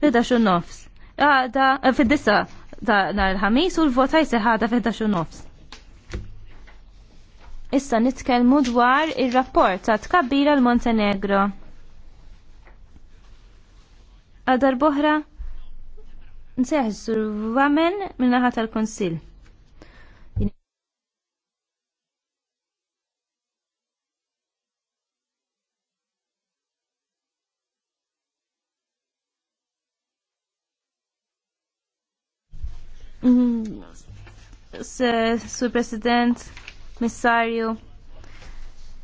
xun nofs. Għada, eh, fiddissa, ta' ħamis u l-vota jseħada fidda xun nofs. Issa nitkellmu dwar il-rapport ta' tkabbira l-Montenegro. Għadar boħra, nseħ s-survamen minnaħat tal-Konsil. Mm. Sur President, Missarju,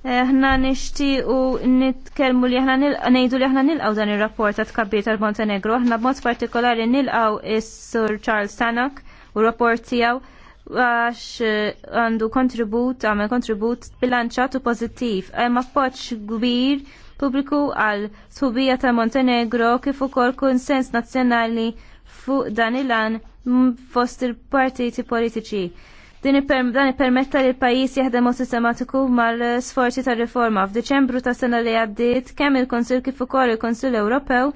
eh, ħna nishtiqu nitkelmu li ħna nejdu li ħna nilqaw dan il-rapport ta' tkabbir tal-Montenegro, ħna b'mod partikolari nilqaw is-Sur Charles Tanak u rapport tiegħu għax eh, għandu kontribut, għamel kontribut bilanċat u pozittiv. Hemm poċ kbir pubbliku għal subija tal-Montenegro kif ukoll konsens nazzjonali fuq dan il-an fost il-partiti politiċi. Din dan li l-pajis jaħdem sistematiku mal-sforzi ta' riforma. F'Diċembru ta' sena li għaddiet kemm il-Konsil kif ukoll il-Konsil Ewropew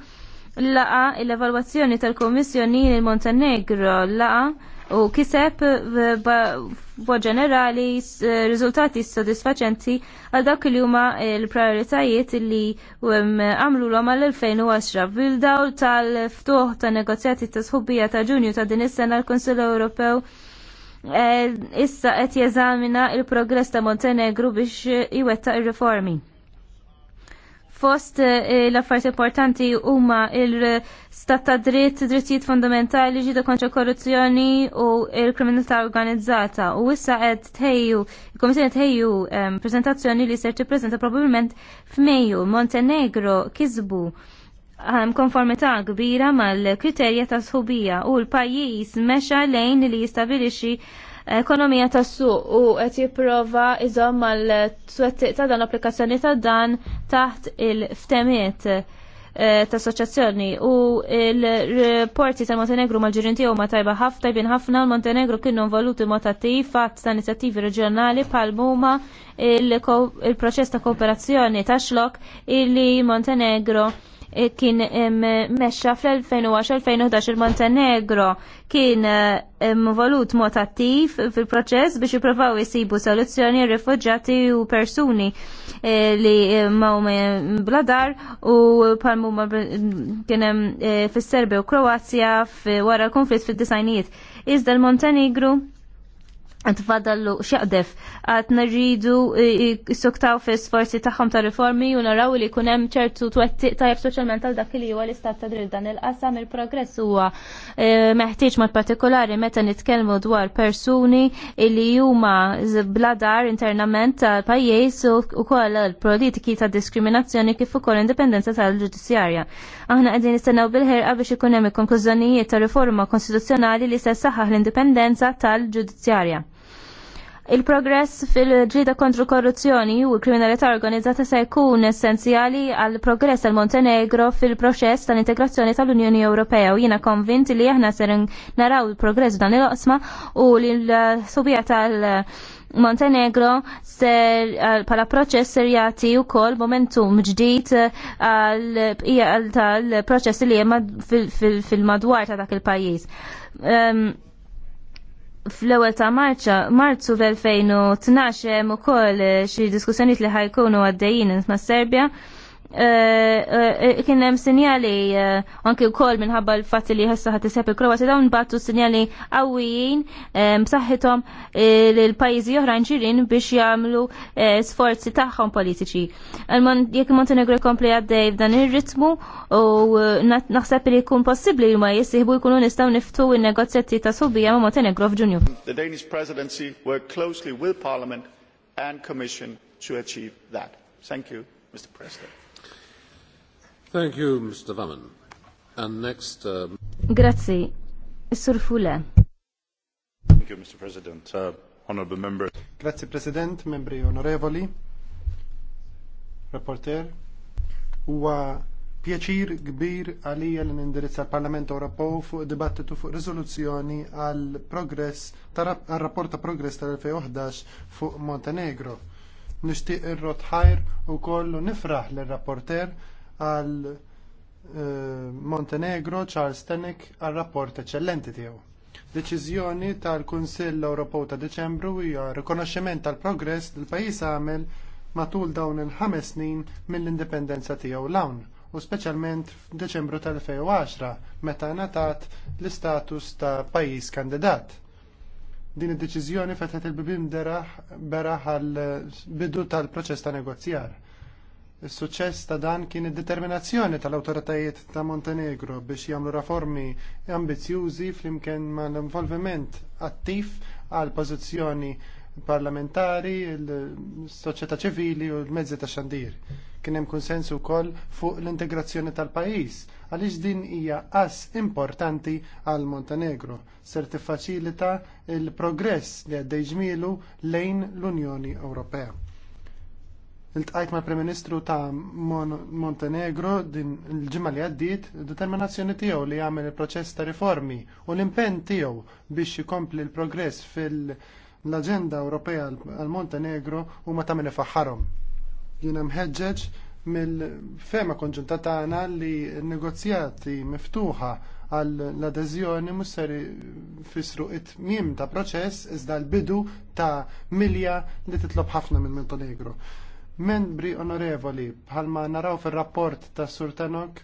laqa l-evalwazzjoni tal kummissjoni il-Montenegro laqa u kiseb bo ġenerali riżultati sodisfaċenti għal dak li huma l-prioritajiet li um, għamlu l-om għal-2010 bil-dawl tal-ftuħ ta' negozjati ta' sħubija ta' ġunju ta' din is-sena l-Konsil Ewropew eh, issa qed jeżamina il-progress ta' Montenegru biex iwettaq ir-riformi. Fost eh, l-affarijiet importanti huma il-stat ta' dritt, drittijiet fundamentali ġida kontra korruzzjoni u il-kriminalità organizzata. U issa qed tħejju, il-Komissjoni tħejju ehm, prezentazzjoni li ser tippreżenta probabbilment f'Mejju. Montenegro kisbu ehm, konformità kbira mal-kriterja ta' sħubija u l-pajjiż mexa lejn li jistabilixi ekonomija tas-suq u qed jipprova iżomm mal-twettiq ta' dan l applikazzjoni ta' dan taħt il-ftemiet eh, ta' assoċjazzjoni u il-reporti ta' Montenegro mal ġirin tiegħu ma' tajba ħafna tajbin ħafna l Montenegro kienu involuti mod attiv fatt ta' inizjattivi reġjonali bħal huma il-proċess ta' kooperazzjoni ta' xlok illi Montenegro kien meċa fl-2010-2011 il-Montenegro kien involut mod attiv fil-proċess biex jipprovaw jisibu soluzzjoni rifugġati u persuni eh, li maw bladar u palmu kien hemm eh, fis-Serbja u Kroazja wara l-konflitt fid-disajnijiet. Iżda l-Montenegro Tfadallu xaqdef, għat narridu soktaw fi sforzi taħħom ta' riformi u naraw li kunem ċertu twettiq tajab soċjalment għal dak li huwa l-istat ta' dritt dan il-qasam il-progress huwa e, meħtieġ mod partikolari meta nitkellmu dwar persuni li huma bladar internament tal-pajjiż u koll l-politiki ta' diskriminazzjoni kif ukoll indipendenza tal-ġudizzjarja. Aħna qegħdin nistennew bil-ħerqa biex ikun hemm konklużjonijiet ta' riforma konstituzzjonali li se saħħaħ l-indipendenza tal-ġudizzjarja. Il-progress fil ġida kontru korruzzjoni u kriminalità organizzata se jkun essenzjali għal progress tal Montenegro fil-proċess tal-integrazzjoni tal-Unjoni Ewropea u jiena konvinti li aħna ser naraw il-progress dan il osma u li l-subija tal- Montenegro ser pala proċess ser jati u kol momentum ġdijt għal tal-proċess li jemma fil-madwar ta' dak il-pajis fl-ewwel ta' Marċa, Marzu fl 2012 u ukoll xi diskussjoniet li ħajkunu għaddejjin ma' Serbia Eh, eh, kien hemm sinjali eh, anke wkoll minħabba l-fatt li ħassa ħadd isep il-Kroati dawn battu sinjali qawwijin b'saħħithom lil pajjiżi oħra ġirin biex jagħmlu sforzi tagħhom politiċi. Jekk Montenegro jkompli għaddej f'dan ir-ritmu u naħseb li jkun possibbli li ma jissieħbu jkunu nistgħu niftu n negozjati ta' subija ma' Montenegro f'Ġunju. The Danish presidency work closely with Parliament and Commission to achieve that. Thank you, Mr. President. Thank you, Mr. Vaman. And next... Uh... Grazie. Sur Fule. Thank you, Mr. President. Uh, honorable members. Grazie, President, membri onorevoli, Huwa pjaċir kbir għalija li nindirizza l-Parlament Ewropew fuq dibattitu fuq riżoluzzjoni għal progress tar rapport ta' progress tal-2011 fuq Montenegro. Nixtieq ir-rotħajr ukoll nifraħ l-rapporter għal eh, Montenegro Charles Tenek għal rapport eċċellenti tiegħu. Deċiżjoni tal-Kunsill Ewropew ta' Deċembru hija rikonoxximent tal-progress li l-pajjiż għamel matul dawn il-ħames snin mill-indipendenza tiegħu l-hawn u speċjalment f'Deċembru tal-2010 meta ngħatat l-istatus ta' pajjiż kandidat din id-deċiżjoni fetħet il-bibim beraħ għal bidu tal-proċess ta' negozjar. Is-suċċess ta' dan kien id-determinazzjoni tal-awtoritajiet ta' Montenegro biex jagħmlu reformi ambizjużi flimkien ma' l-involviment attiv għal pożizzjoni parlamentari, l-soċjetà ċivili u l-mezzi ta' xandir. Kien hemm konsensu wkoll fuq l-integrazzjoni tal-pajjiż għaliex din hija qass importanti għal Montenegro ser tiffaċilita l-progress li għaddej ġmielu lejn l-Unjoni Ewropea. Iltqajt mal prim Ministru ta' Montenegro din il-ġimma li għaddiet determinazzjoni tiegħu li jagħmel il-proċess ta' riformi u l-impenn tiegħu biex jkompli l-progress fil-Aġenda Ewropea għal Montenegro u ma tagħmel ifaħħarhom. Jiena mħeġġeġ mill-fema konġunta tagħna li negozjati miftuħa għal l-adeżjoni musser fissru it-tmiem ta' proċess iżda l-bidu ta' milja li titlob ħafna minn Montenegro. Membri onorevoli, bħalma naraw fil-rapport ta' Surtanok,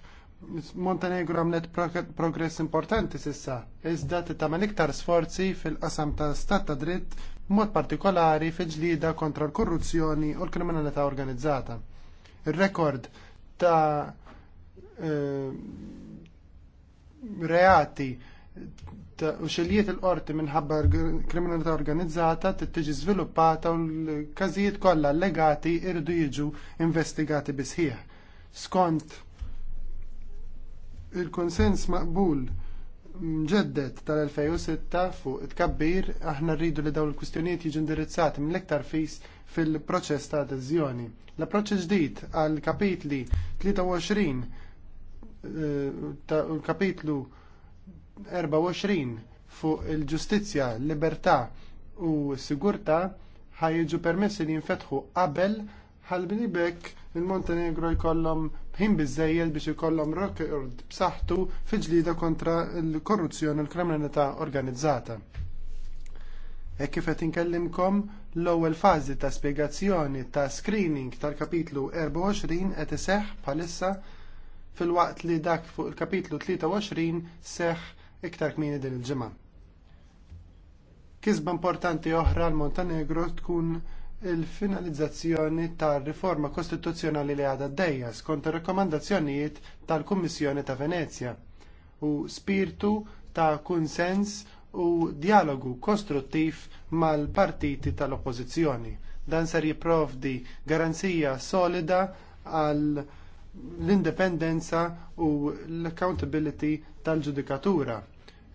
Montenegro għamlet progress importanti sissa, iżda ta' iktar sforzi fil-qasam ta' stat ta' dritt, mod partikolari fil-ġlida kontra l-korruzzjoni u l-kriminalità organizzata. Il-rekord ta' eh, reati u xiljiet il-qorti minħabba kriminalità organizzata tiġi żviluppata u l-każijiet kollha allegati jridu jiġu investigati bisħieħ. Skont il-konsens maqbul mġeddet tal-2006 fuq it-kabbir aħna rridu li dawn il-kustjonijiet jiġu indirizzati mill-iktar fis fil-proċess ta' adeżjoni. L-approċċ ġdid għal kapitli 23 eh, ta' kapitlu uh, 24 fuq il-ġustizzja, libertà u s-sigurtà ħajġu permessi li jinfetħu qabel ħalbini bekk il-Montenegro jkollhom bħin biżejjed biex ikollhom rekord b'saħħtu fi kontra l-korruzzjoni u l-kriminalità organizzata. E kif qed inkellimkom l-ewwel fażi ta' spjegazzjoni ta' screening tal-kapitlu 24 qed iseħħ bħalissa fil-waqt li dak fuq il-kapitlu 23 seħħ iktar kmini din il-ġimgħa. Kisba importanti oħra l montenegro tkun il-finalizzazzjoni tar riforma kostituzzjonali li għadha d skont ir rakkomandazzjonijiet tal-Kummissjoni ta' Venezja u spirtu ta' kunsens u dialogu kostruttiv mal-partiti tal-oppożizzjoni. Dan ser jipprovdi garanzija solida għal l-indipendenza u l-accountability tal-ġudikatura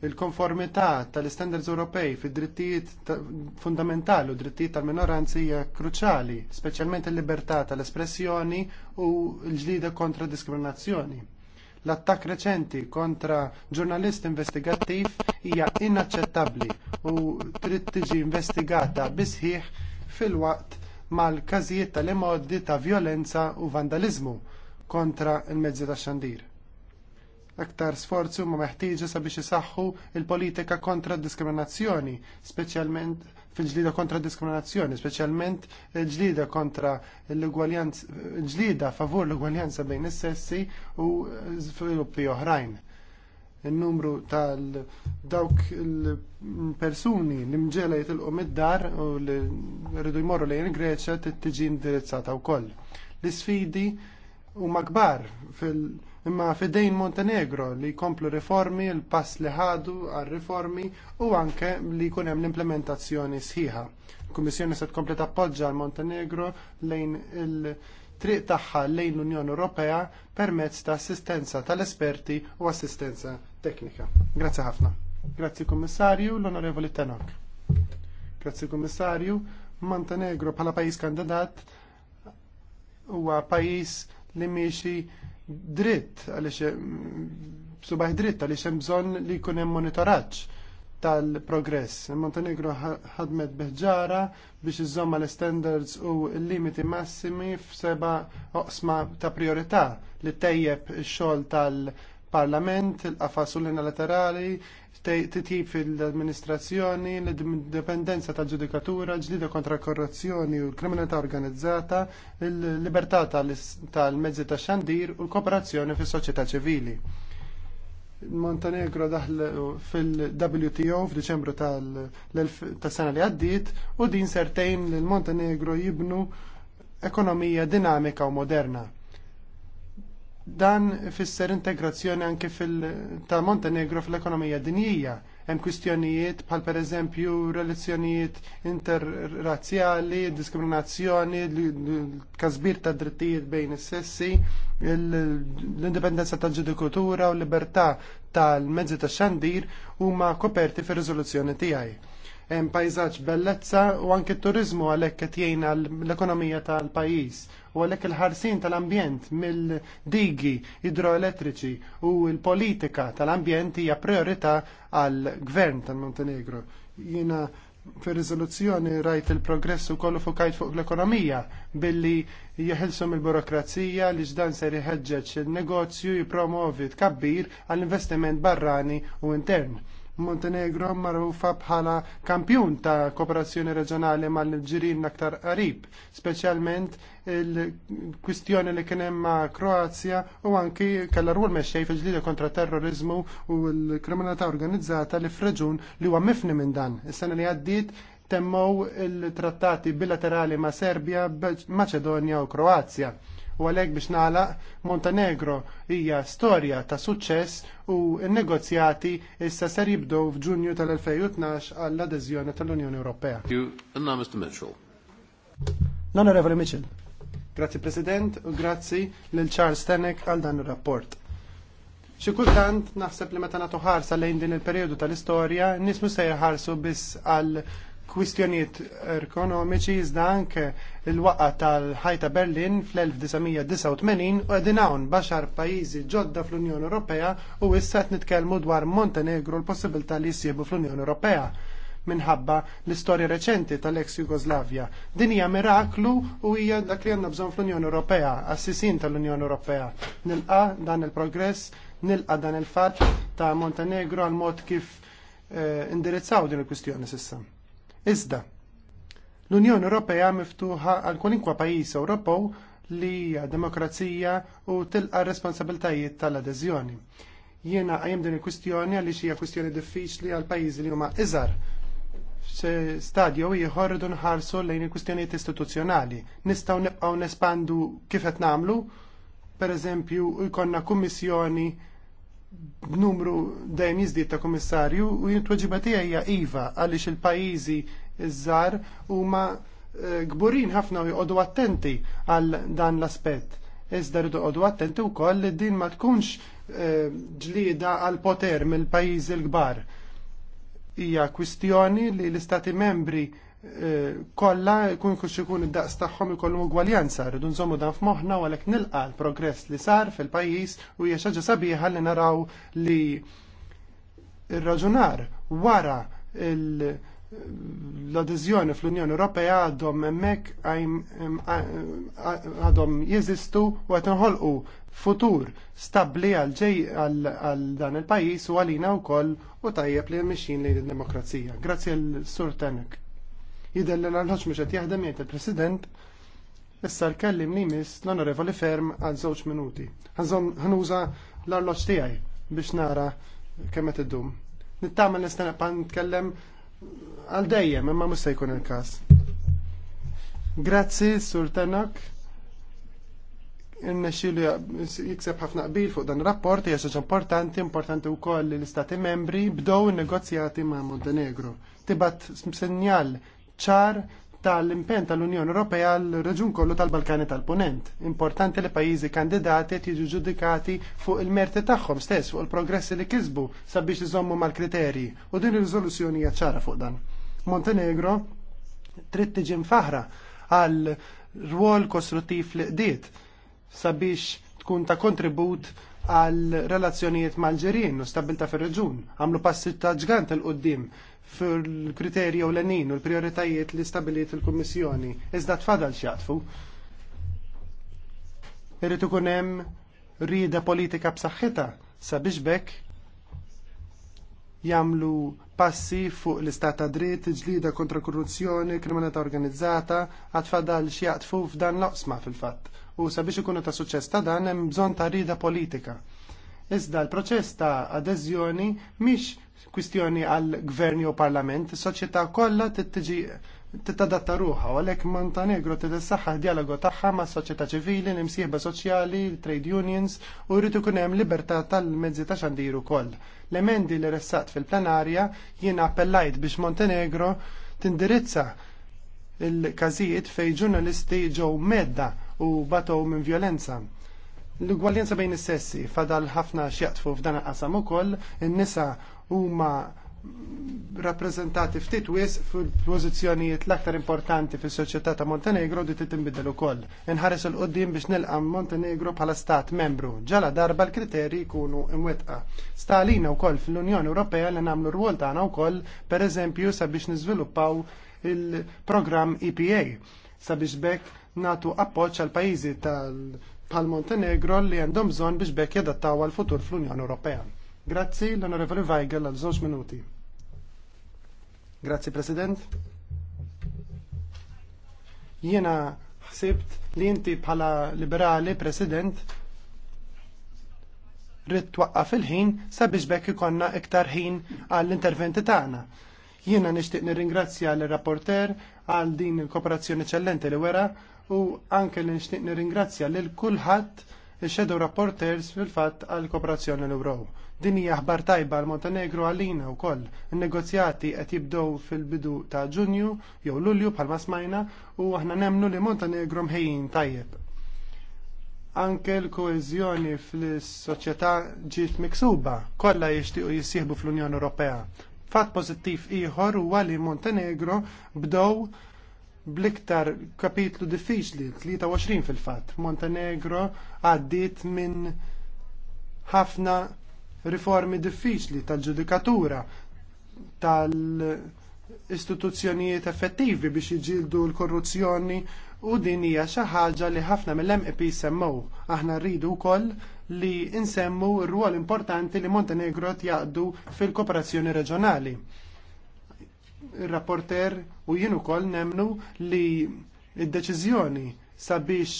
il-konformità tal istandards Ewropej fid-drittijiet fundamentali u drittijiet tal-minoranzi hija kruċjali, speċjalment il-libertà tal-espressjoni u l-ġlida kontra diskriminazzjoni. L-attakk reċenti kontra ġurnalist investigattiv hija inaċċettabbli u trid tiġi investigata bisħiħ fil-waqt mal-każijiet tal-imoddi ta' vjolenza u vandaliżmu kontra l mezzi tax xandir aktar sforzi huma meħtieġa sabiex isaħħu il-politika kontra d diskriminazzjoni, speċjalment fil-ġlida kontra d diskriminazzjoni, speċjalment ġlida kontra l-ugwaljanza, ġlida favur l-ugwaljanza bejn is-sessi u sviluppi oħrajn. Il-numru tal dawk il-persuni li mġela jitilqu mid-dar u li rridu jmorru lejn Greċja tiġi indirizzata wkoll. L-isfidi huma kbar fil- imma fidejn Montenegro li jkomplu riformi, il-pass li ħadu għal-riformi u anke li jkun hemm l-implementazzjoni sħiħa. Il-Kummissjoni se tkompli tappoġġa għal montenegro lejn il-triq tagħha lejn l-Unjoni Ewropea permezz ta' assistenza tal-esperti u assistenza teknika. Grazzi ħafna. Grazzi Kommissarju l-Onorevoli Tenok. Grazzi Kommissarju. Montenegro bħala pajjiż kandidat huwa pajjiż li miexi dritt għaliex mm, subaj dritt għaliex hemm bżonn li jkun hemm monitoraġġ tal-progress. Montenegro ħadmet beħġara biex iżomma l-standards u l-limiti massimi f'seba oqsma ta' priorità li tejjeb ix-xogħol tal- parlament, il-qafas t titjib fil-administrazzjoni, l-indipendenza tal-ġudikatura, l-ġdida kontra korruzzjoni u l-kriminalità organizzata, l-libertà tal-mezzi ta' xandir u l-kooperazzjoni fis soċjetà ċivili. Montenegro daħl fil-WTO f'Diċembru tal-sena li għaddiet u din sertejn l-Montenegro jibnu ekonomija dinamika u moderna Dan ifisser integrazzjoni anke fil ta' Montenegro fil-ekonomija dinjija. Hemm kwistjonijiet bħal pereżempju relazzjonijiet interrazzjali, diskriminazzjoni, kasbir ta' drittijiet bejn is-sessi, l-indipendenza tal ġudikutura u l-libertà tal-mezzi tax-xandir huma koperti fir-riżoluzzjoni tiegħi hemm pajzaġġ bellezza u anke t-turiżmu għalhekk qed jgħin l-ekonomija tal-pajjiż u għalhekk il-ħarsin tal-ambjent mill-digi idroelettriċi u l-politika tal-ambjent hija priorità għall gvern tal-Montenegro. Jiena fir riżoluzzjoni rajt il-progress u kollu fukajt fuq l-ekonomija billi jeħilsu il-burokrazija li ġdan ser jħeġġeġ il-negozju jipromovi tkabbir għall-investiment barrani u intern Montenegro marufa bħala kampjun ta' kooperazzjoni reġjonali mal-ġirin aktar qarib, speċjalment il-kwistjoni li kien hemm ma' Kroazja u anki kellha rwol meċċej fil-ġlida kontra terrorizmu u l-kriminalità organizzata li f'reġun li huwa mifni minn dan. Is-sena li għaddiet temmow il-trattati bilaterali ma' Serbja, Maċedonja u Kroazja U għalhekk biex nagħlaq Montenegro hija storja ta' suċċess u n-negozjati issa ser jibdew f'Ġunju tal-2012 għall-adeżjoni tal-Unjoni Ewropea. Mr. Mitchell. l Mitchell. Grazzi President u grazzi lil Charles Tenek għal dan ir-rapport. Xi kultant naħseb li meta nagħtu ħarsa lejn din il-perjodu tal-istorja, nismu se jħarsu biss għal kwistjoniet ekonomiċi iżda anke il-waqqa tal-ħajta Berlin fl-1989 u għedin hawn baxar pajjiżi ġodda fl-Unjoni Ewropea u issa qed nitkellmu dwar Montenegro l-possibilità li jsiebu fl-Unjoni Ewropea minħabba l-istorja reċenti tal-ex Jugoslavja. Din hija miraklu u hija dak li għandna bżonn fl-Unjoni Ewropea, assisin tal-Unjoni Ewropea. Nilqa dan il-progress, nilqa dan il-fatt ta' Montenegro għal mod kif eh, indirizzaw din il-kwistjoni sissa. Iżda, l-Unjoni Ewropea miftuħa għal kwalinkwa pajjiż Ewropew li hija demokrazija u tilqa' responsabiltajiet tal-adeżjoni. Jiena qajjem din il-kwistjoni għaliex hija kwistjoni diffiċli għal pajjiżi li huma iżgħar stadju ieħor idu nħarsu lejn il-kwistjonijiet istituzzjonali. Nistgħu nibqgħu nespandu kif qed nagħmlu, pereżempju jkollna kummissjoni b'numru dejjem jiżdied ta' kummissarju u jintweġiba tiegħi hija iva għaliex il-pajjiżi u huma eh, gburin ħafna u jqogħdu attenti għal dan l-aspett. Iżda rridu qogħdu attenti wkoll li din ma tkunx eh, ġlieda għal poter mill-pajjiżi l-kbar. Hija kwistjoni li l-istati membri kolla kun kux ikun id-daqs tagħhom ikollhom ugwaljanza, rridu nżommu dan f'moħħna u għalhekk nilqa l-progress li sar fil-pajjiż u hija xaġa sabiħa li naraw li ir-raġunar wara l-adeżjoni fl-Unjoni Ewropea għadhom hemmhekk għadhom jeżistu u qed inħolqu futur stabbli għal ġej għal dan il-pajjiż u għalina wkoll u tajjeb li mixin lejn id-demokrazija. Grazzi l-Sur Tenek. Jidher li l-ħoġ mhux qed jaħdem jajt il-President. Issa l-kellim li miss l-Onorevoli Ferm għal żewġ minuti. Ħanżom ħnuża l-arloġġ tiegħi biex nara kemm qed iddum. Nittama nista' nitkellem għal dejjem imma musta jkun il-każ. Grazzi, Sur Inna Innexilu jikseb ħafna qbil fuq dan rapport, hija xaġa importanti, importanti wkoll koll l-Istati membri bdew negozjati ma' Montenegro. Tibat sinjal ċar tal-impen tal-Unjoni Ewropea l raġun kollu tal-Balkani tal-Ponent. Importanti li pajjiżi kandidati jiġu ġudikati fuq il-merti tagħhom stess fuq il-progressi li kisbu sabiex iżommu mal-kriterji u din ir-riżoluzzjoni hija ċara fuq dan. Montenegro trid tiġi mfaħra għal rwol kostruttiv li qdiet sabiex tkun ta' kontribut għal relazzjonijiet mal-ġerien u stabilta fir-reġun. Għamlu passi ta' ġgant l-qoddim fil-kriterji u l-enin u l-prioritajiet li stabiliet il-Kommissjoni. Iżda tfadal xjatfu. Irritu ikun hemm rida politika b'saħħitha sabiex bekk jagħmlu passi fuq l-istat ta' dritt, ġlida kontra korruzzjoni, kriminalità organizzata, għatfadal xjaqtfu f'dan l-oqsma fil-fatt u sabiex ikunu ta' suċċess ta' dan hemm bżonn ta' rida politika. Iżda l-proċess ta' adeżjoni mhix kwistjoni għal gvern jew parlament, is-soċjetà kollha tittiġi titadatta ruħa, u għalhekk Montenegro tidissaħħa dialogu tagħha mas soċjetà ċivili, l-imsieħba soċjali, trade unions u jrid ikun hemm libertà tal-mezzi ta' xandir ukoll. L-emendi li ressaqt fil-plenarja jiena appellajt biex Montenegro tindirizza il każijiet fejn ġurnalisti ġew medda u batow minn violenza. L-ugwaljenza bejn is-sessi fadal ħafna xjaqtfu f'dan qasam ukoll in-nisa huma rappresentati ftit wis fil-pożizzjonijiet l-aktar importanti fis-soċjetà ta' Montenegro di titinbidel ukoll. Inħares il qoddim biex nilqa' Montenegro bħala stat membru. Ġala darba l-kriterji jkunu imwetqa. Stalina wkoll fl-Unjoni Ewropea li nagħmlu rwol tagħna wkoll pereżempju sabiex niżviluppaw il-programm EPA sabiex bekk natu appoġġ għal pajjiżi tal Montenegro li għandhom bżonn biex bekk jadattaw għal futur fl-Unjoni Ewropea. Grazzi l-Onorevoli Weigel għal żewġ minuti. Grazzi President. Jiena ħsibt li inti bħala liberali President rrid twaqqaf il-ħin sabiex bekk ikonna iktar ħin għall-interventi tagħna. Jiena nixtieq nirringrazzja l rapporter għal din il-kooperazzjoni eċċellenti li wera u anke li nixtieq nirringrazzja lil kulħadd ix-shadow rapporters fil-fatt għal kooperazzjoni l-Ewrow. Din hija aħbar tajba għal Montenegro għalina wkoll. In-negozjati qed jibdew fil-bidu ta' Ġunju jew Lulju bħalma smajna u aħna nemnu li Montenegro mħejjin tajjeb. Anke l koezjoni fl-soċjetà ġiet miksuba, kollha jixtiequ jissieħbu fl-Unjoni Ewropea. Fatt pożittiv ieħor huwa li Montenegro bdew bliktar kapitlu diffiċli, 23 fil-fat. Montenegro għaddit minn ħafna riformi diffiċli tal-ġudikatura, tal-istituzzjonijiet effettivi biex jġildu l-korruzzjoni u din hija xi ħaġa li ħafna mill-MEP semmew. Aħna rridu wkoll li insemmu r-rwol importanti li Montenegro jgħaddu fil-kooperazzjoni reġjonali rapporter u jien ukoll nemnu li id-deċiżjoni sabiex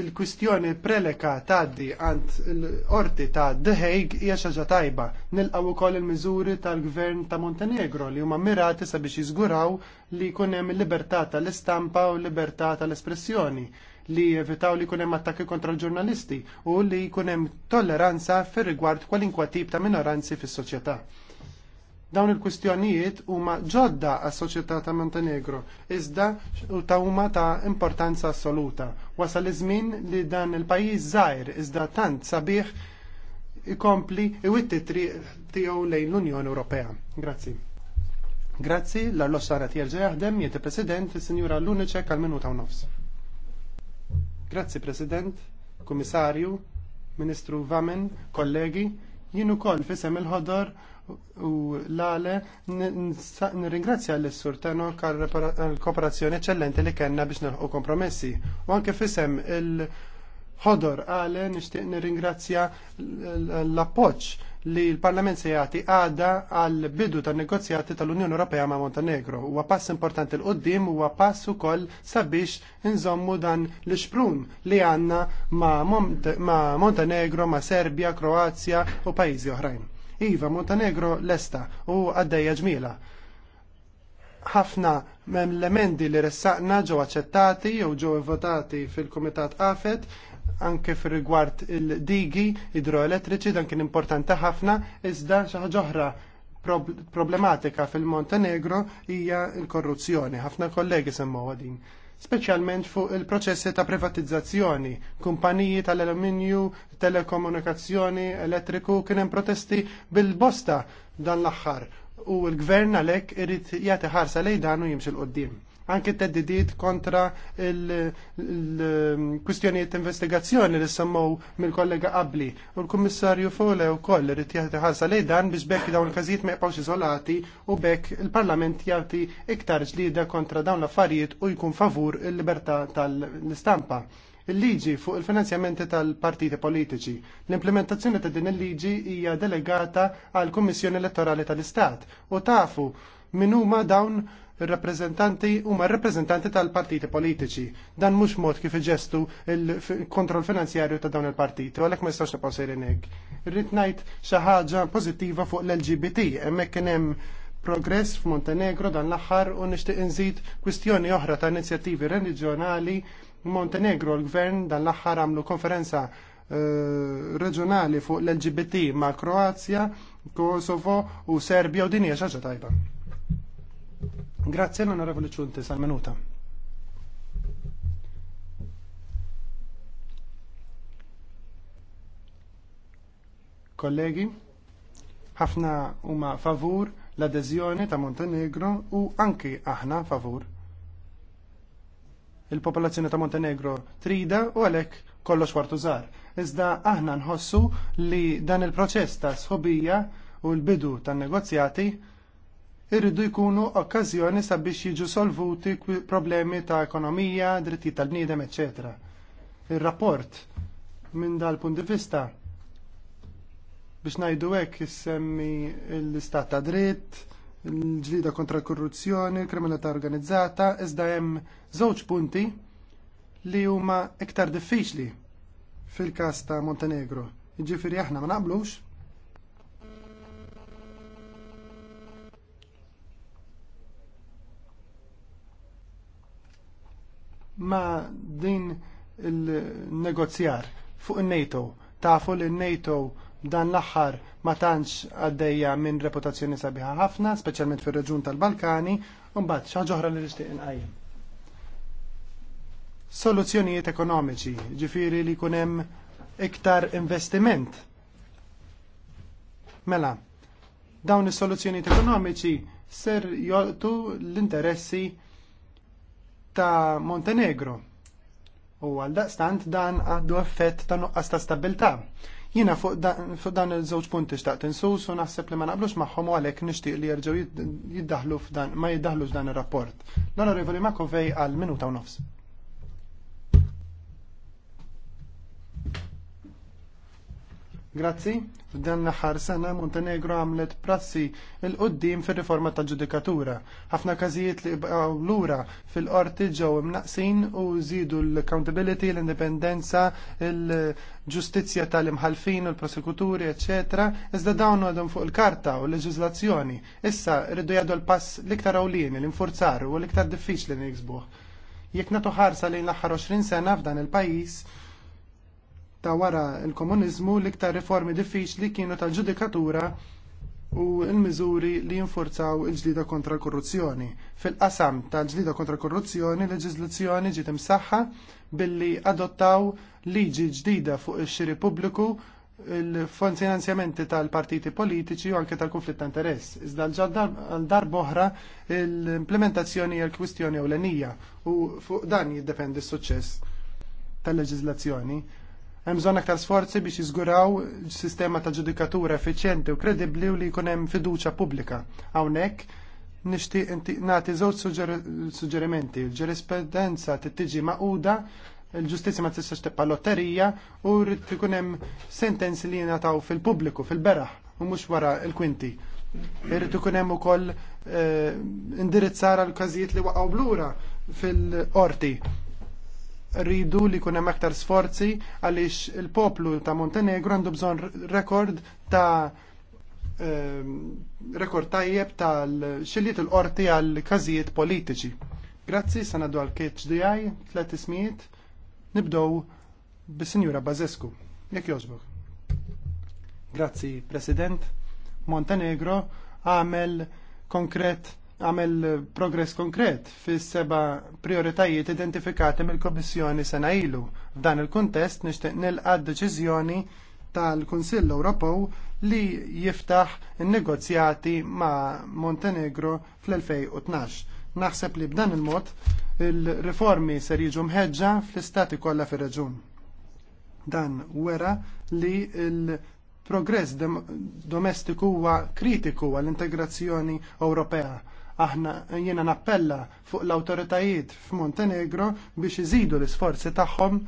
il-kwistjoni preleka tgħaddi għand l-qorti ta' The Hague hija xi ħaġa tajba. Nilqgħu ukoll il-miżuri tal-Gvern ta' Montenegro li huma mirati sabiex jiżguraw li jkun hemm il-libertà tal-istampa u l-libertà tal-espressjoni li jevitaw li kunem attakki kontra l-ġurnalisti u li kunem tolleranza fir rigward kwalinkwa tip ta' minoranzi fis soċjetà Dawn il-kwistjonijiet huma ġodda għas soċjetà ta' Montenegro, iżda ta' huma ta' importanza assoluta. Wasal iż-żmien li dan il-pajjiż żgħir iżda tant sabiħ ikompli iwitti triq tiegħu lejn l-Unjoni Ewropea. Grazzi. Grazzi, l-allo sara ġej aħdem jiet President, il-Sinjura Lunicek għal-minuta u nofs. Grazzi President, Kummissarju, Ministru Vamen, kollegi, jien ukoll fisem il-ħodor u l-għale nirringrazzja l-Sur Tano għal-kooperazzjoni eċċellenti li kellna biex nilħu kompromessi. U anke fisem il-ħodor għale nixtieq nirringrazzja l-appoċ li l-Parlament se jagħti għada għal bidu tan negozjati tal-Unjoni Ewropea ma' Montenegro. Huwa pass importanti l-qoddim huwa pass ukoll sabiex nżommu dan l-xprun li għandna ma' Montenegro, ma' Serbja, Kroazja u pajjiżi oħrajn. Iva, Montenegro lesta u għaddejja ġmila. Ħafna mem li ressaqna ġew aċċettati jew ġew votati fil-Kumitat Afet anke fir-rigward il-digi idroelettriċi dan kien importanti ħafna iżda xi ħaġa oħra problematika fil-Montenegro hija l-korruzzjoni. Ħafna kollegi semmowa din speċjalment fuq il-proċessi ta' privatizzazzjoni. Kumpaniji tal-alluminju, telekomunikazzjoni, elettriku kien hemm protesti bil-bosta dan l-aħħar u l-gvern għalhekk irid jagħti ħarsa lejdan dan u jimxil qoddim anke t-teddidiet kontra il kustjonijiet investigazzjoni li semmow mill-kollega qabli. U l-Kummissarju Fole u koll li tjaħti ħalsa dan biex bekk dawn il-każijiet ma jibqgħux iżolati u bekk il-Parlament jagħti iktar ġlida kontra dawn l-affarijiet u jkun favur il-libertà tal-istampa il-liġi fuq il-finanzjamenti tal-partiti politiċi. L-implementazzjoni ta' din il-liġi hija delegata għal Kummissjoni Elettorali tal-Istat u tafu Min huma dawn ir-rappreżentanti huma r-rappreżentanti tal-partiti politiċi. Dan mhux mod kif iġestu il-kontroll finanzjarju ta' dawn il-partiti, għalhekk ma jistgħux nibqgħu sejri nek. Irrid ngħid xi ħaġa pożittiva fuq l-LGBT, hemmhekk kien hemm progress f'Montenegro dan l-aħħar u nixtieq inżid kwistjoni oħra ta' inizjattivi reliġjonali Montenegro l-gvern dan l-aħħar għamlu konferenza eh, reġjonali fuq l-LGBT ma' Kroazja, Kosovo u Serbia u dinja xaġa tajba. Grazie l-Onorevoli Ciunti, minuta. Kollegi, ħafna huma favur l-adeżjoni ta' Montenegro u anki aħna favur. Il-popolazzjoni ta' Montenegro trida u għalhekk kollox wartu żgħar. Iżda aħna nħossu li dan il-proċess ta' sħobija u l-bidu tan-negozjati irridu jkunu okkażjoni sabiex jiġu solvuti problemi ta' ekonomija, dritti tal-bniedem, ecc. Ir-rapport minn dal-punt di vista biex ngħidu hekk issemmi l-istat ta' dritt, l-ġlida kontra korruzzjoni, kriminalità organizzata, iżda hemm żewġ punti li huma iktar diffiċli fil-każ ta' Montenegro. Jiġifieri aħna ma naqblux ma' din il-negozjar fuq il-NATO. Tafu li il-NATO dan l-axħar ma tantx għaddejja minn reputazzjoni sabiħa ħafna, speċjalment fir-reġun tal-Balkani, un-bat xaġoħra oħra li nixtieq inqajjem. Soluzzjonijiet ekonomiċi, ġifiri li jkun hemm iktar investiment. Mela, dawn is-soluzzjonijiet ekonomiċi ser jolqtu l-interessi ta' Montenegro. U għal daqstant dan għaddu effett ta' nuqqas ta' stabilta. Jina fuq dan il-żewġ punti xtaqt insus u naħseb li ma naqblux magħhom u għalhekk nixtieq li jerġgħu jiddaħlu f'dan ma jiddaħlux dan ir-rapport. L-Onorevoli Makovej għal minuta u nofs. Grazzi, f'dan l-aħħar sena Montenegro għamlet prassi il-qoddim fir-riforma ta' ġudikatura. Ħafna każijiet li bqgħu lura fil-qorti ġew imnaqsin u żidu l-accountability, l-indipendenza, il-ġustizzja tal-imħalfin, il-prosekuturi, eċetera, iżda dawn għadhom fuq il-karta u l-leġiżlazzjoni. Issa rridu jgħadu l-pass l-iktar ewlieni, l-infurzar u l-iktar diffiċli niksbuh. Jekk nagħtu ħarsa lejn l-aħħar 20 sena f'dan il-pajjiż, ta' wara l-komuniżmu l-iktar riformi diffiċli kienu tal-ġudikatura u l-miżuri li jinforzaw il-ġlida kontra korruzzjoni. Fil-qasam tal-ġlida kontra korruzzjoni, leġiżlazzjoni ġiet imsaħħa billi adottaw liġi ġdida fuq ix-xiri pubbliku il-finanzjamenti tal-partiti politiċi u anke tal-konflitt ta' interess. Iżda l-ġaddar boħra l-implementazzjoni għal kwistjoni ewlenija u fuq dan jiddependi s-suċċess tal-leġizlazzjoni. Hemm bżonn aktar sforzi biex jiżguraw sistema ta' ġudikatura effiċjenti u kredibbli u li jkun hemm fiduċja pubblika. Hawnhekk nixtieq nagħti żewġ suġġerimenti. Il-ġurisprudenza tittiġi maquda il ġustizzja ma tistax tibqa' lotterija u rrid ikun hemm sentenzi li jingħataw fil-pubbliku, fil-beraħ u mhux wara l-kwinti. Irrid ikun hemm ukoll eh, indirizzar għal każijiet li waqgħu blura fil-qorti rridu li kunem aktar sforzi għaliex il-poplu ta' Montenegro għandu bżon rekord ta' ehm, rekord tajjeb tal xiliet il-qorti għal-kazijiet politiċi. Grazzi, sanadu għal KHDI, DI, tlet ismijiet, nibdow bis-Sinjura Bazescu. Jek jożbuk. Grazzi, President. Montenegro għamel konkret għamel progress konkret fis seba prioritajiet identifikati mill-Komissjoni sena ilu. F'dan il-kuntest nixtieq nilqa' deċiżjoni tal-Kunsill Ewropew li jiftaħ in-negozjati ma' Montenegro fl-2012. Naħseb li b'dan il-mod il-riformi ser jiġu mħeġġa fl-istati kollha fir-reġun. Dan wera li il- progress domestiku huwa kritiku għall-integrazzjoni Ewropea Aħna jiena nappella fuq l-awtoritajiet f'Montenegro biex iżidu l-isforzi tagħhom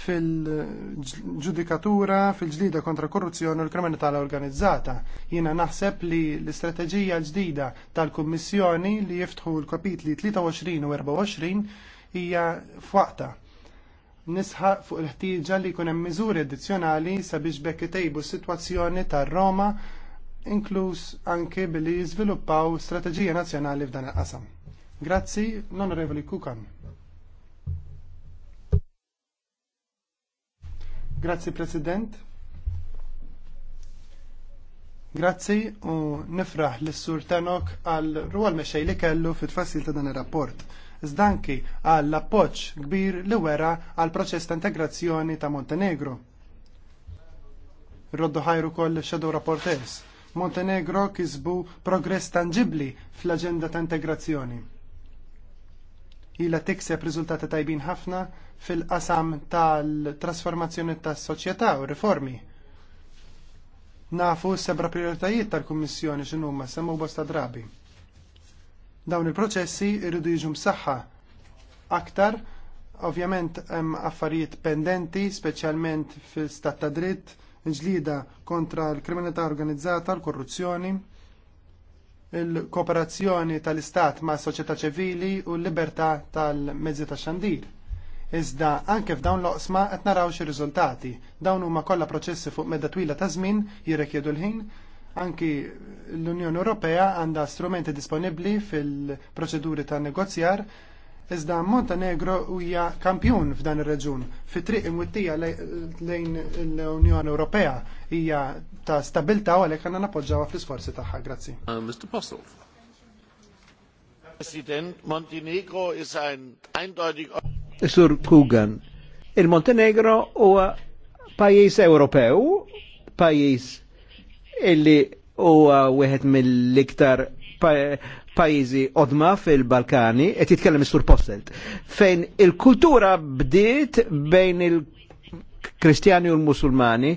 fil-ġudikatura, fil-ġdida kontra korruzzjoni u l-kriminalità organizzata. Jiena naħseb li l-istrateġija l-ġdida tal-Kummissjoni li jiftħu l-kapitli 23 u 24 hija fwaqta nisħaq fuq il-ħtieġa li jkun hemm miżuri addizzjonali sabiex bekk itejbu s-sitwazzjoni tar-Roma inkluż anke billi jiżviluppaw strateġija nazzjonali f'dan il-qasam. Grazzi, l-Onorevoli Kukan. Grazzi, President. Grazzi u nifraħ l-Sur Tanok għal ruol meċej li kellu fit tfassil ta' dan ir-rapport. Zdanki għall appoġġ kbir li wera għal proċess ta' integrazzjoni ta' Montenegro. Roddu ħajru koll Shadow rapporters. Montenegro kisbu progress tangibli fl-aġenda ta' integrazzjoni. Ila tikseb riżultati tajbin ħafna fil-qasam tal-trasformazzjoni tas-soċjetà u riformi. Nafu sebra prioritajiet tal-Kummissjoni x'inhuma semmu bosta drabi. Dawn il-proċessi irridu jiġu msaħħa aktar ovvjament hemm affarijiet pendenti, speċjalment fil-stat ta' dritt, ġlida kontra l-kriminalità organizzata, l-korruzzjoni, il-kooperazzjoni tal-istat ma' soċjetà ċivili u l-libertà tal-mezzi ta' xandir. Iżda anke f'dawn l-oqsma qed naraw xi riżultati. Dawn huma kollha proċessi fuq medda twila ta' żmien jirrekjedu l-ħin anki l-Unjoni Ewropea għandha strumenti disponibbli fil-proċeduri ta' negozjar Iżda Montenegro huja kampjun f'dan ir-reġun. Fi triq imwittija lejn l-Unjoni Ewropea hija ta' stabilta u għalhekk għandna nappoġġawha fl-isforzi tagħha. Grazzi. Uh, Mr. Postol. President Montenegro is ein eindeutig Sur Kugan. Il-Montenegro huwa pajjiż Ewropew, pajjiż illi huwa wieħed mill-iktar pajizi odma fil-Balkani, e et jitkellem sur Postelt, fejn il-kultura bdiet bejn il-Kristjani u l-Musulmani,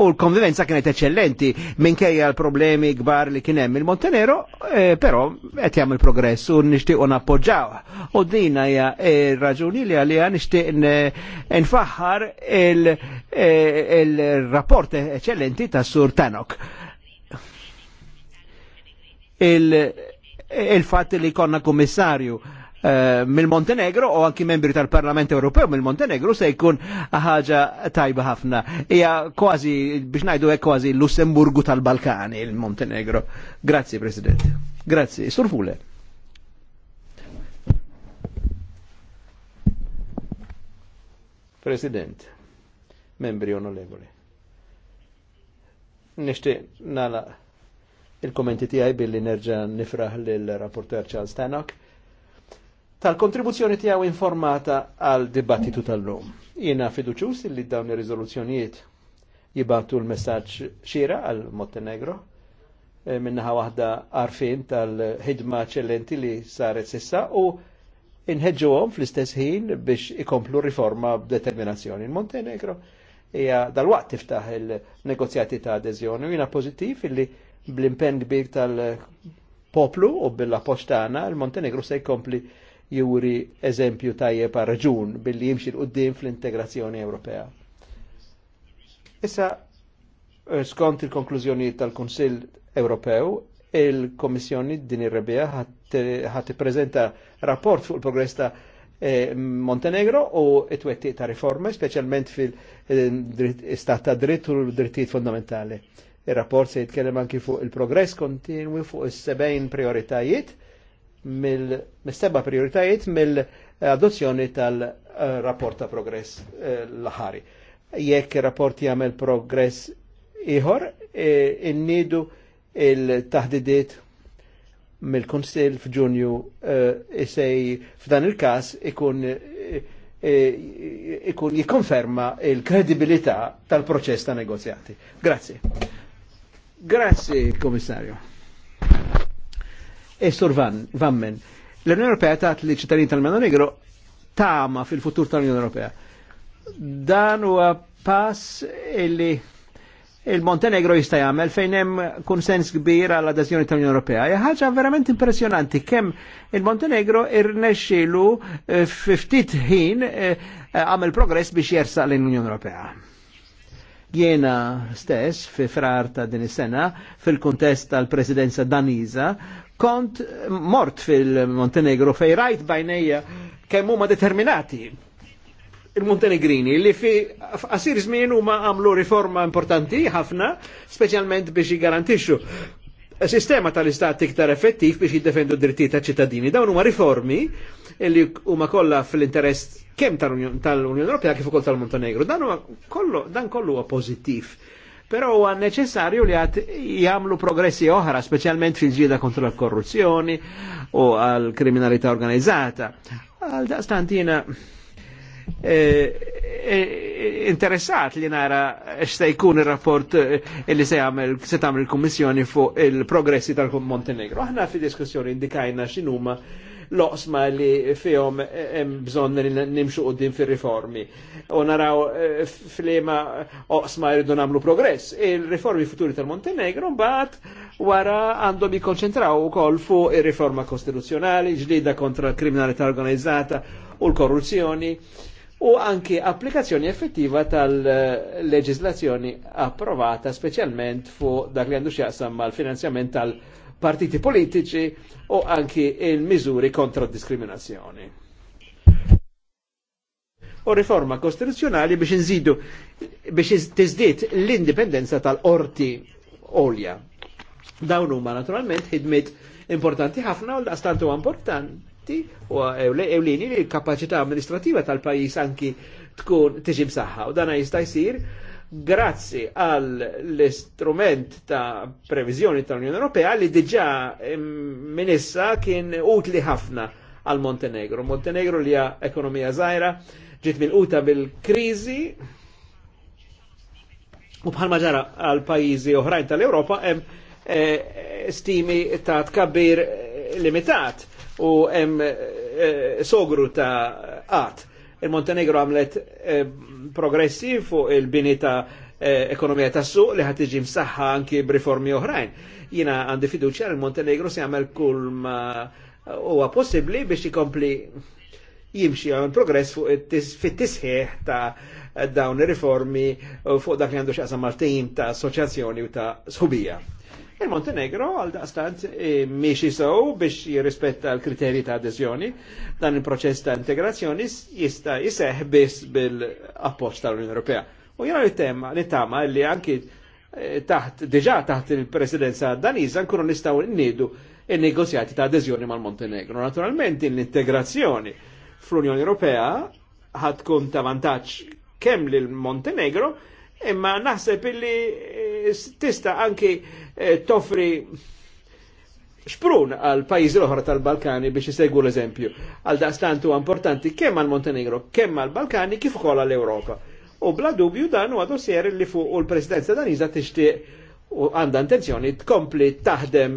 u l-konvivenza kienet eccellenti minkejja l-problemi gbar li kien hemm il-Montenero, eh, però qed jagħmel progress u nixtiequ nappoġġawha. U din hija e, raġuni li għalija nixtieq nfaħħar eh, il-rapport eccellenti ta' Sur Tanok. Il il-fatt li konna kummissarju eh, mil montenegro u anki membri tal-Parlament Ewropew mil montenegro se jkun ħaġa tajba ħafna. Ija kważi biex najdu hekk kważi l Lussemburgu tal-Balkani il-Montenegro. Grazzi President. Grazzi. Sur Fule. President, membri onorevoli. Nishtiq nala il-kommenti tiegħi billi nerġa' nifraħ lil rapporter Charles Tannock tal-kontribuzzjoni tiegħu informata għal dibattitu tal-lum. Jiena fiduċus li dawn ir-riżoluzzjonijiet jibattu l-messaġġ xira għal Montenegro eh, minnaħa waħda għarfin tal-ħidma ċellenti li saret sissa u inħedġuhom fl-istess ħin biex ikomplu riforma b'determinazzjoni. Il-Montenegro hija dal-waqt tiftaħ il-negozjati ta' adeżjoni u jiena pożittiv illi bl-impenn kbir tal-poplu u bil apostana il-Montenegro se jkompli juri eżempju tajjeb għal raġun billi jimxi l fl-integrazzjoni Ewropea. Issa, eh, skont il-konklużjoni tal-Kunsill Ewropew, il-Komissjoni din ir-rebija ħat prezenta rapport fuq il-progress ta' eh, Montenegro u it wetti ta' riforme, specialment fil-istat eh, ta' dritt u l-drittijiet fundamentali. Il-rapport se jitkellem anki fuq il-progress kontinwi fuq is-sebgħin prioritajiet mill-seba prioritajiet mill-adozzjoni tal-rapport ta' progress eh, l-ħari. Jekk rapport jagħmel progress ieħor, eh, innidu il-taħdidiet mill-Kunsil f'Ġunju isej eh, f'dan il-każ ikun ikun jikkonferma il-kredibilità tal-proċess ta' negozjati. Grazie. Grazie, komissarju. Estor Van, Vammen, l-Unjoni Ewropea ta' li ċittadin tal-Meno Negro tama fil-futur tal-Unjoni Ewropea. Dan huwa pass li il-Montenegro jista' jagħmel fejn hemm kunsens kbir għal adeżjoni tal-Unjoni Ewropea. Hija ħaġa verament impressjonanti kemm il-Montenegro irnexxielu eh, ftit ħin eh, għamel progress biex jersaq l-Unjoni Ewropea. Jena stess, fi frar ta' din is-sena, fil-kontest tal-presidenza Daniza, kont mort fil-Montenegro fej rajt bajnejja kemm huma determinati il-Montenegrini li fi asir żmien huma għamlu riforma importanti ħafna, speċjalment biex jiggarantixxu sistema tal-istat iktar effettiv biex jiddefendu d-drittijiet ta' ċittadini. Dawn huma riformi li huma kollha fl-interess kem tal-Unjoni Ewropea kif ukoll tal-Montenegro. Dan huwa kollu dan kollu huwa pożittiv. Però huwa neċessarju li għad jagħmlu progressi oħra, speċjalment fil ġieda kontra l-korruzzjoni u għal-kriminalità organizzata. Għal daqstant jiena eh, eh, interessat li nara xta jkun il-rapport eh, li se jagħmel se tagħmel il-Kummissjoni fuq il-progressi tal-Montenegro. Aħna fi diskussjoni indikajna x'inhuma l-oqsma li fihom eh, hemm bżonn li nimxu qudiem fir-riformi. U naraw eh, f'liema oqsma jridu nagħmlu progress. Il-riformi futuri tal-Montenegro mbagħad wara għandhom jikkonċentraw ukoll fuq ir-riforma kostituzzjonali, ġlida kontra l-kriminalità organizzata u l-korruzzjoni u anki applikazzjoni effettiva tal-leġislazzjoni approvata specialment fu dak li għandu xjaqsam mal finanzjament tal- partiti politiċi u anki il mizuri kontra diskriminazzjoni. U riforma kostituzzjonali biex nżidu biex tiżdiet l-indipendenza tal-orti olja. Dawn huma naturalment ħidmit importanti ħafna u l-astantu importanti u ewlini li l-kapacità amministrativa tal-pajis anki tkun tiġi msaħħa. U dana jista' jsir grazzi għall istrument ta' previżjoni tal-Unjoni Ewropea li diġà minissa kien utli ħafna għal Montenegro. Montenegro li hija ekonomija żgħira ġiet mill bil-kriżi u bħalma ġara għal pajjiżi oħrajn tal-Ewropa hemm eh, stimi ta' tkabbir limitat u hemm eh, sogru ta' qatt. Il-Montenegro għamlet eh, progressi fuq il-bini ta' eh, ekonomija ta' suq li ħatiġi msaħħa anki b'riformi oħrajn. Jina għandi fiduċja il-Montenegro se jagħmel kull ma huwa possibbli biex ikompli jimxi għamil progress fuq fit-tisħiħ ta' dawn ir-riformi fuq dak li għandu xaqsam martin ta' assoċjazzjoni u ta' sħubija. Il-Montenegro għal daqstant eh, miex jisaw biex jirrispetta l-kriterji ta' adeżjoni dan il-proċess ta' integrazzjoni jista' jiseħ biss bil appoċ tal-Unjoni Ewropea. U jena nittama tama li anki eh, taħt diġà taħt il-presidenza daniza nkunu nistgħu nidu il-negozjati ta' adeżjoni mal-Montenegro. Naturalment l-integrazzjoni fl-Unjoni Ewropea ħatkun ta' vantaċ kemm lil Montenegro imma naħseb illi eh, tista' anki eh, toffri xprun għal pajjiżi l-oħra tal-Balkani biex jisegwu l-eżempju. Għal daqstantu importanti kemm għal Montenegro, kemm għal Balkani kif ukoll għal Ewropa. U bla dubju dan huwa dossier li fuq u l-Presidenza Daniża tixtieq u għandha intenzjoni tkompli taħdem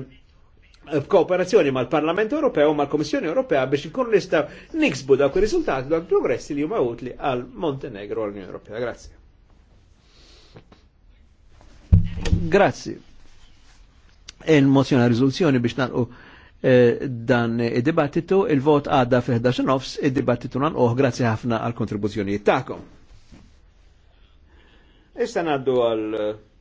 b'kooperazzjoni mal-Parlament Ewropew u mal-Komissjoni Ewropea biex ikun nista' niksbu dawk ir-riżultati dawk progressi li huma utli għal Montenegro l-Unjoni Ewropea. Grazie. Grazzi. Il-mozzjoni e rizoluzzjoni biex nalqu e, dan id-dibattitu, il-vot għadda fi 11 nofs, id-dibattitu nanqoħ, grazzi ħafna għal kontribuzzjonijiet ta'kom. Issa naddu għal